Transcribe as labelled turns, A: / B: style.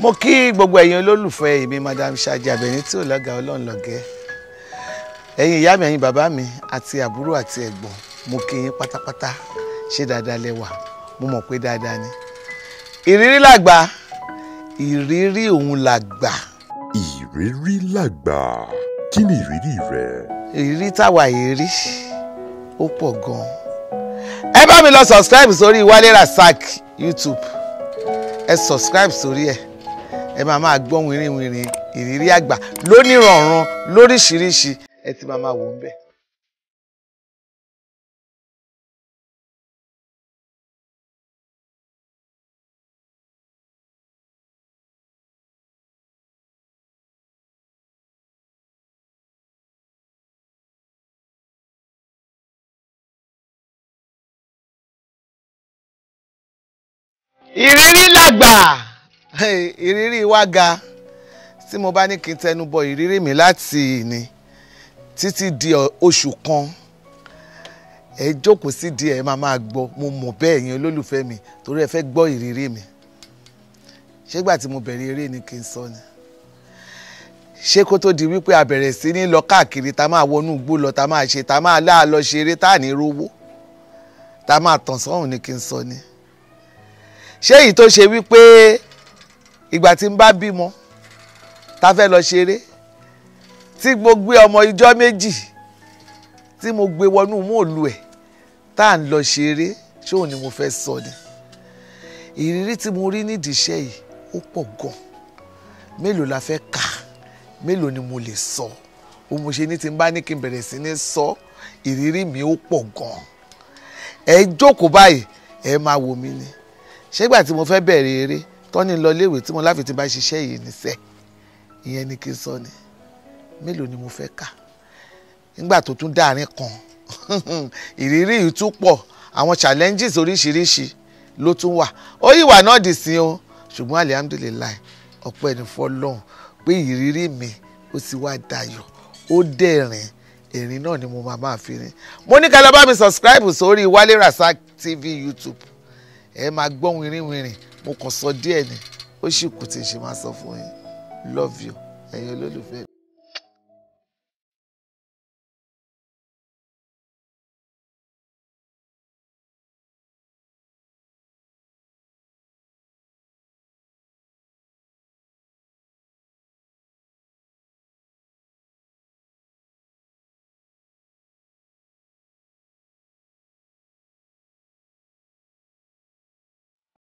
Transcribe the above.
A: mo kí gbogbo ẹ̀yin olólùfẹ́ èmi madam Ṣàjì Àbẹ̀ní tí ò lọ́gà ọlọ́run lọ́gẹ́ ẹ̀yin ìyá mi ẹ̀yin bàbá mi àti àbúrò àti ẹ̀gbọ́n mo kí yín pátápátá ṣé dáadáa lẹ́wà mo mọ̀ pé dáadáa ni ìrírí làgbà ìrírí òun làgbà. ìrírí làgbà kí ni ìrírí rẹ. ìrírí táwa yìí rí ó pọ̀ gan ẹ bá mi lọ subscribe sórí Wálé rasak YouTube ẹ subscribe sórí e ẹ máa máa gbọ́ wìrìwìrì ìrírí àgbà lónírànran lóríṣiríṣi
B: ẹ ti máa máa wò ń bẹ̀. ìrírí làgbà
A: ìrírí wa ga tí mo bá ní kí n tẹnu bọ ìrírí mi láti ìní títí di oṣù kan ẹ jókòó sí di ẹ máa máa gbọ́ mo mọ̀ bẹ́ẹ̀ yẹn olólùfẹ́ mi torí ẹ fẹ́ gbọ́ ìrírí mi ṣégbà tí mo bẹ̀rẹ̀ eré ni kí n sọ ni ṣé kó tó di wípé a bẹ̀rẹ̀ sí ní lọ káàkiri tá máa wọnú igbó lọ tá máa ṣe tá máa láà lọ ṣeré tá à ní rówó tá máa tàn sọ́hùn ni kí n sọ ni ṣé èyí tó ṣe wípé ìgbà tí n bá bímọ tá fẹ́ lọ ṣeré tí mo gbé ọmọ ijọ́ méjì tí mo gbé wọnú mòlù ẹ̀ tá à ń lọ ṣeré ṣóun ni mo fẹ́ sọ ni ìrírí tí mo rí nídìí iṣẹ́ yìí ó pọ̀ gan mélòó la fẹ́ kà mélòó ni mo lè sọ o mo ṣe ní tí n bá ní kí n bẹ̀rẹ̀ sí ní sọ ìrírí mi ó pọ̀ gan ẹ jókòó báyìí ẹ máa wò mí ni ṣégbà tí mo fẹ́ bẹ̀rẹ̀ eré tọ́ni lọ iléèwé tí mo láfi ti bá ṣiṣẹ́ yìí níṣẹ́ ìyẹn ni kí n sọ ni mélòó ni mo fẹ́ kà nígbà tó tún dáàrin kan ìrírí yìí àwọn challenges oríṣiríṣi ló tún wà ó yìí wà náà dì sí o ṣùgbọ́n alihamdulilayi ọ̀pọ̀ ẹni fọlọ́hún pé ìrírí mi ó ti wá dayọ̀ ó dẹ̀rìn ẹ̀rín náà ni mo máa máa fi rìn mo ní kálọ́ mi subscribe sórí Wálé Rasaq TV YouTube ẹ máa gbọ́ winrinwinrin mo kàn sọ díẹ̀ ni ó
B: sì kù tí n ṣe máa sọ fún yín love you ẹ̀yin olólùfẹ́ mi.